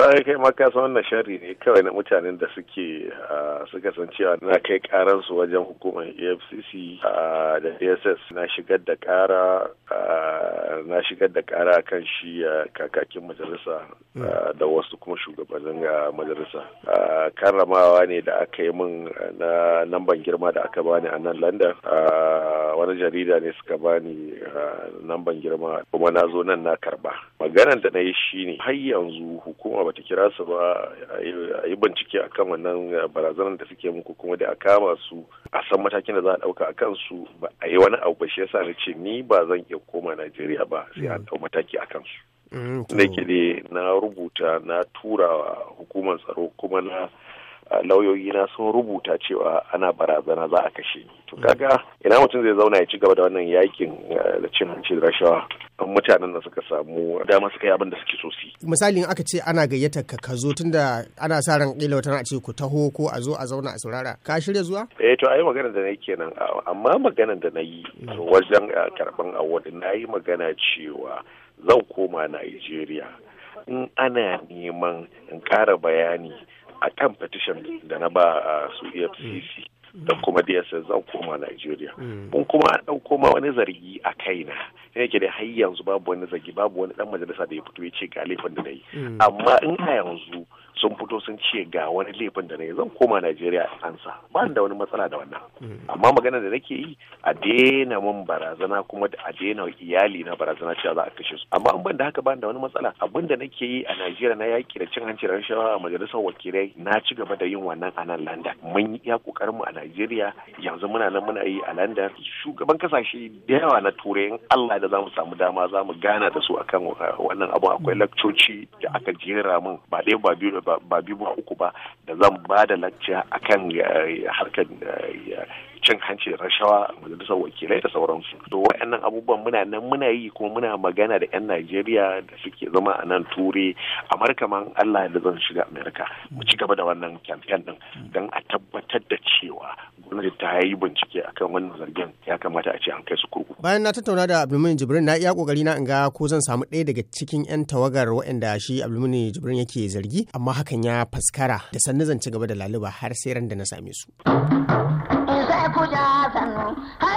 sai kai ma ka san wannan sharri ne kawai na mutanen da suke suka san cewa na kai karansu wajen hukumar efcc da dss na shigar da kara na shigar da kara kan shi kakakin majalisa mm. da wasu kuma shugabannin majalisa karramawa ne da aka yi min na namban girma da aka bani a nan london wani jarida ne suka bani namban girma kuma na zo nan na karba maganar da na yi shi ne har yanzu hukuma bata kira su ba a yi bincike akan wannan barazanar da suke muku kuma da a kama su a san matakin da za a ɗauka a kansu ba a yi wani abu ba shi yasa na ce ni ba zan iya koma Najeriya ba sai an mm. ɗau mataki a kansu. Mm, na kide na rubuta na tura hukumar tsaro kuma na lauyoyi na sun rubuta cewa ana barazana za a kashe ni. To mm. kaga ina mutum zai zauna ya ci gaba da wannan yakin eh, da cin hanci da rashawa mutanen da suka samu dama suka yi abin da suke so misali in aka ce ana gayyatar ka ka zo tunda ana sa ran kila wata a ce ku taho ko a zo a zauna a saurara ka shirya zuwa eh to ayi magana da nayi kenan amma maganar da nayi wajen eh, karban award nayi magana cewa zan koma Najeriya in ana neman in kara bayani a kan petition da na ba eh, su EFCC da kuma DSS zan koma Najeriya. Mm. Mun kuma an ɗauko koma wani zargi a kaina. Sai yake da har yanzu babu wani zargi babu wani ɗan majalisa da ya fito ya ce ga laifin da na yi. Mm. Amma in a yanzu sun fito sun ce ga wani laifin da ne zan koma Najeriya ansa ba da wani matsala da wannan mm. amma magana da nake yi a daina mun barazana kuma a daina iyali na barazana cewa za a kashe su amma an ban haka ba da wani matsala abin da nake yi a Najeriya na yaki da cin hanci da rashawa a majalisar wakilai na ci gaba da yin wannan a nan London mun yi iya kokarin mu a Najeriya yanzu muna nan muna yi a London shugaban kasashe da yawa na turai in Allah da zamu samu dama zamu gana da su akan uh, wannan abu akwai lakcoci da aka jera mun ba ɗaya ba biyu ba biyu ba uku ba da zan ba da a kan eh, harkar eh, cin hanci da rashawa a majalisar wakilai da sauransu to waɗannan abubuwan muna nan muna yi kuma muna magana da 'yan najeriya da suke zama a nan ture amurka man allah da zan shiga amerika mu ci gaba da wannan kamfen din don a tabbatar da cewa gwamnati ta yi bincike akan wannan zargin ya kamata a ce an kai su kurkuku. Bayan na tattauna da Abdulmuni Jibrin na iya kokari na in ga ko zan samu ɗaya daga cikin 'yan tawagar waɗanda shi Abdulmuni Jibrin yake zargi amma hakan ya faskara da sannu zan ci gaba da laluba har sai ran da na same su. In